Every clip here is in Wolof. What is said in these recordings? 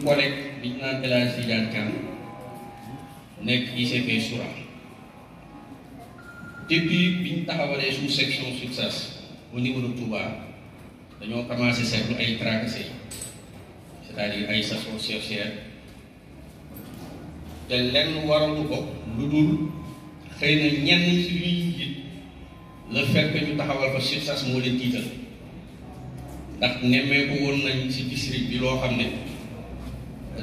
suñu collègue bi ñu naan El Hadj Tidiane Kane nekk ICP Soura depuis bi ñu taxawalee suñu section SUTSAS au niveau de dañoo commencé seetlu ay tracasé yi c'est-à-dire ay station sorcière te lenn waralu ko lu dul xëy na ñenn ci ñuy it le fait que ñu taxawal ko SUTSAS moo leen tiital ndax nemmeeku woon nañ ci district bi loo xam ne.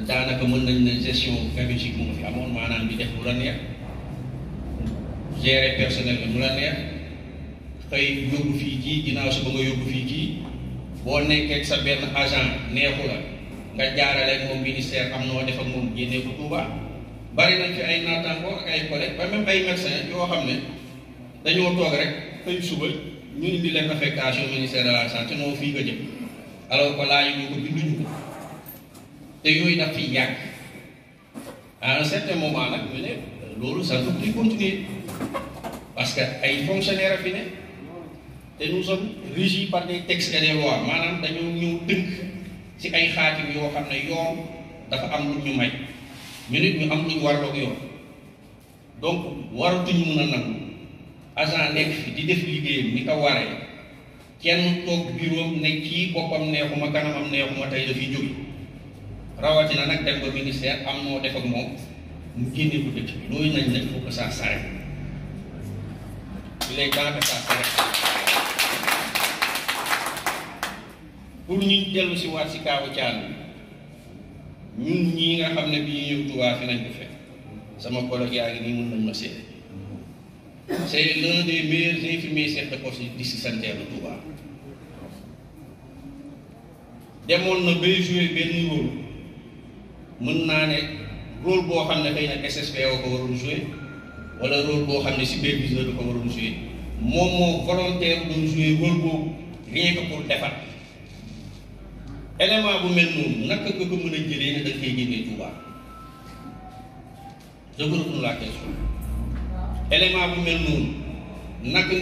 daanaka mën nañ na gestion pharmacie bi mu fi amoon maanaam bi def bu la neex gérer personnel bi mu la neex xëy yóbbu fii kii ginnaaw suba nga yóbbu fii kii boo nekkee sa benn agent neexu la nga jaarale moom ministère am noo def ak moom génnee ko Touba bari nañ fi ay naataangoo ak ay collègues ba même ay médecins yoo xam ne dañoo toog rek xëy suba ñu indi leen affectation ministère de la santé moo fii nga jëm alors que laaj ñu ko binduñu. te yooyu daf fi yàgg à un certain moment nag ñu ne loolu ça ne plus continuer parce que ay fonctionnaire a fi ne te nous sommes régis par des textes et des lois maanaam dañoo ñëw dënk ci ay xaatim yoo xam ne yoon dafa am lu ñu may ñu ñu am lu ñu warloog yoon donc waratuñu mën a nangu agent nekk fi di def liggéeyam ni ko waree kenn toog bureau ne kii boppam neexuma kanamam neexuma tey dafiy jóge rawatina nag dem ba ministère am noo def ak moom mu génne ko dëkk bi loolu nañ ne il faut que ça s'arrête il est pour ñu dellu si waat si kaawu caan ñun ñii nga xam ne bii ñëw Tuubaa fi nañ ko fekk sama collègue yaa ngi nii mën nañ ma seede c'est l'un des meilleurs infirmiers chefs de poste du district sanitaire de Touba demoon na bay joué benn rôle mën naa ne rôle boo xam ne xëy na SSP ko waroon joué wala rôle boo xam ne superviseur bi ko waroon joué moom moo volontaire doon joué boobu rien que pour defar élément bu mel noonu naka nga a jëlee ne da nga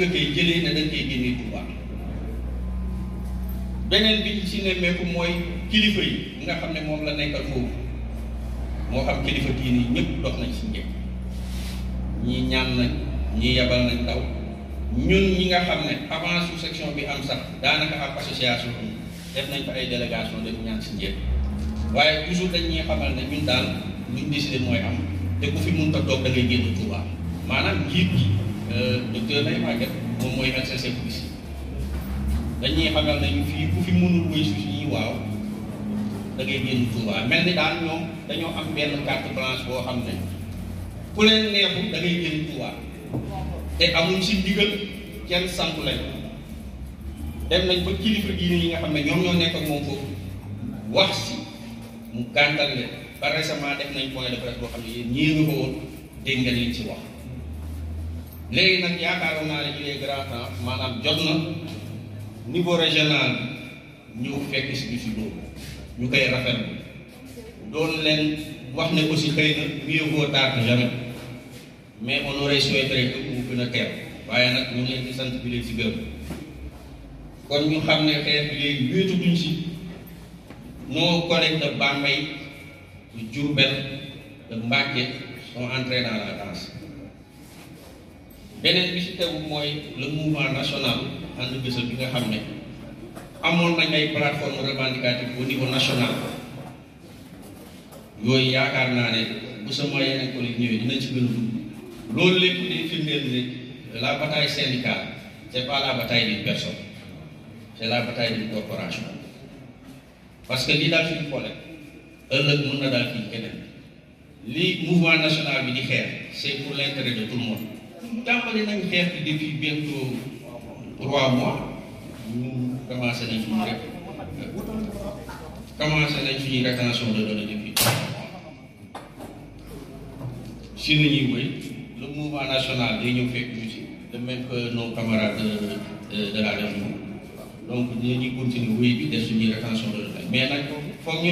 koy génnee jëlee nga koy génnee Touba beneen bi ci si nemmeeku mooy kilifa yi nga xam ne moom la nekkal foofu. moo xam kilifa diine yi ñëpp dox nañ si njëkk ñii ñaan nañ ñii yabal nañ ndaw ñun ñi nga xam ne avant su section bi am sax daanaka ab association bi def nañ fa ay délégation dañu ñaan si njëkk waaye toujours dañ ñuy xamal ne ñun daal luñ décidé mooy am te ku fi mun ta toog da ngay génn Touba maanaam njiit gi euh, docteur Ndeye Maguette moom mooy RCC bu dañuy xamal ne ñu fii ku fi mënul wéy suñuy waaw. da ngay génn Touba mel ni daal ñoom dañoo am benn carte blanche boo xam ne ku leen neexul da génn Touba te amuñ si ndigal kenn santu lañ dem nañ ba kilifa diine yi nga xam ne ñoom ñoo nekk ak moom foofu wax si mu gàntal leen ba récemment def nañ point de presse boo xam ne ñii nga ko woon dégg nga leen si wax léegi nag yaakaaroon naa ne il est grand jot na niveau régional ñëw fekk si bi si loolu ñu koy rafetlu doon leen wax ne aussi xëy na mieux vaut tard que mais on aurait souhaité que mu gën a teel waaye nag ñu ngi bi kon ñu xam ne xeex bi léegi wéetutuñ si nos collègues de Bambey de Diourbel de Mbacké sont entrés dans la danse beneen bi si tegu mooy le mouvement national ànd gësal bi nga xam ne amoon nañ ay plateforme revendicative au niveau national yooyu yaakaar naa ne bu sama yeneen collègue ñëwee dina ci gën a loolu lépp day firndeel ne la bataille syndicale c' est pas la bataille d'une personne c' est la corporation parce que lii daal suñu xoole ëllëg mën na daal fii keneen lii mouvement national bi di xeex c' pour l' intérêt de tout le monde tàmbali nañ xeex bi depuis bientôt ñu commencé nañ suñu rek commencé nañ suñuy rétention de données depuis si nañuy wëy le mouvement national day ñëw fekk ñu si de même que nos camarades de de la réunion donc dinañuy continuer wëy bi def suñuy rétention de données mais nag foog ñu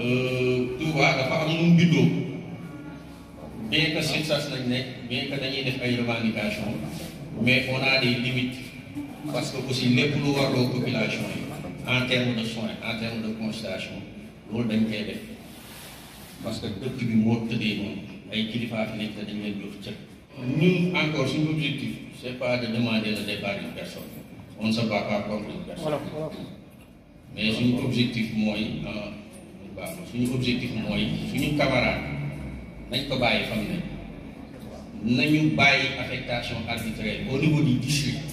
euh, dafa am nu mu juddoo bien que nañ nekk bien dañuy def ay revendications mais on a des limites. parce que aussi lépp lu warloo population yi en terme de soins en terme de constatation loolu dañ koy def parce que dëkk bi moo tëddee moom ay kilifa fi nekk dañ leen jox cër. ñun encore suñu objectif c' est pas de demander le départ d'une personne on ne se bat personne mais suñu objectif mooy baax euh, suñu objectif mooy suñu camarade nañ ko bàyyi xam nañu bàyyi affectation arbitraire au niveau du district.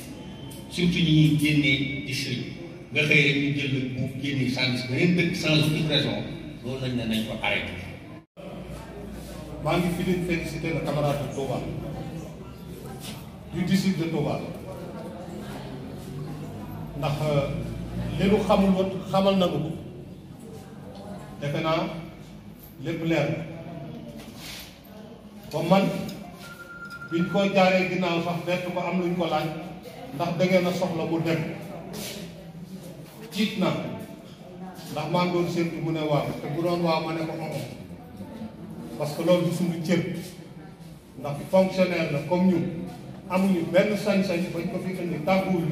surtout ñi ñuy génnee district nga xëy rek ñu jël bu génnee sànni beneen dëkk sans aucune raison loolu lañ nañ ko arrêté. maa ngi fi leen félicité le camarade ndax euh, li nu xamul woon xamal nañu ko defe naa lépp leer ba man biñ ko jaaree ginnaaw sax bett ko am luñ ko laaj. ndax da na a soxla bu dem tiit na ndax maa ngi doon séntu mu ne waaw te bu doon waaw ma ne ko xoxo parce loolu du suñu cër ndax fonctionnaire la comme ñun amuñu benn sañ-sañ bañ ko fi indi tàgguwul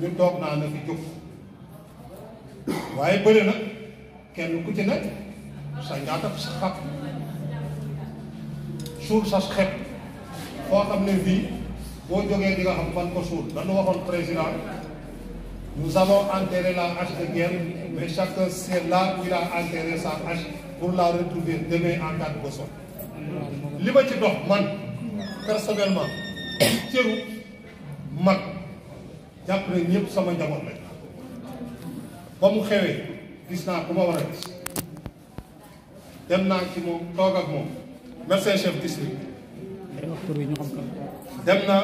ñu toog naa na fi jóg waaye bëri na kenn ku ci nekk sa ñaata sa xat suur sa xet foo xam ne fii boo jógee di nga xam fan ko suul dañu waxoon président nous avons enterré la hache de guerre mais chacun sait là où il a enterré sa pour la retrouver demain en cas de li ma ci dox man personnellement cëru mag jàpp ne ñëpp sama njaboot lañ ba mu xewee gis naa ku ma war a gis dem naa ci moom toog ak moom médecin chef district dem na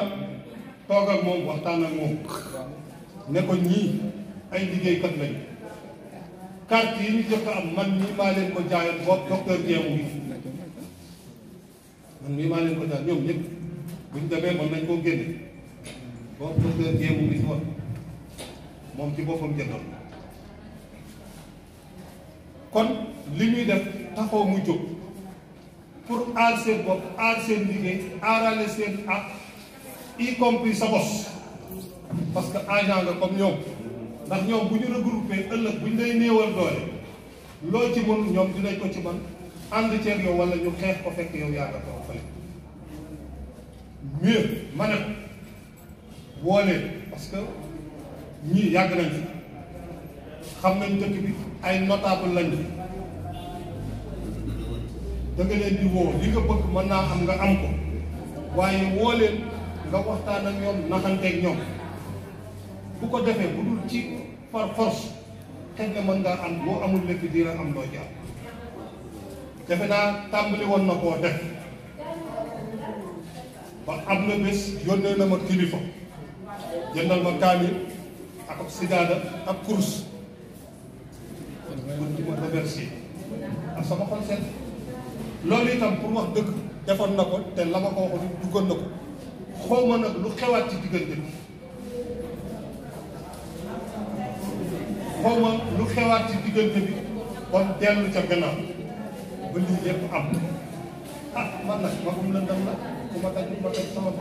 toog ak moom waxtaan ak moom ne ko ñii ay liggéey liggéeykat lañ carte yi ñu jot am man mii maa leen ko jaayoon boobu docteur Dieng bi man mii maa leen ko jaay ñoom ñëpp buñ demee mën nañ koo génne boobu docteur Dieng bi si wax moom ci boppam jëndoon kon li ñuy def taxaw mu jóg. pour aar seen bopp aar seen liggéey aarale seen ak y sa bos parce que agent nga comme ñoom ndax ñoom bu ñu regroupé ëllëg bu ñu lay néewal doole loo ci mën ñoom dinañ ko ci man ànd ceeg yow wala ñu xeex ko fekk yow yaa nga fële mieux ma ne parce que ñii yàgg nañ fi xam nañ dëkk bi ay notable lañ da nga leen di woo li nga bëgg mën naa am nga am ko waaye woo leen nga waxtaan ak ñoom naxanteeg ñoom bu ko defee bu dul ci par force xëy na mën ngaa am boo amul lépp dina am loo jaar defe naa tàmbali woon na koo def ba am na bés yónnee na ma kilifa jëndal ma kaamil ak ab sidaada ak kurus. kon ma remercier ak ah, sama xol seen. loolu itam pour wax dëgg defoon na ko te la ko waxoon na ko xaw ma nag lu xewaat ci diggante bi xaw ma lu xewaat ci diggante bi kon dellu ca gannaaw ba lii lépp am ah man nag magum lëndam la ku ma daj ma daj sama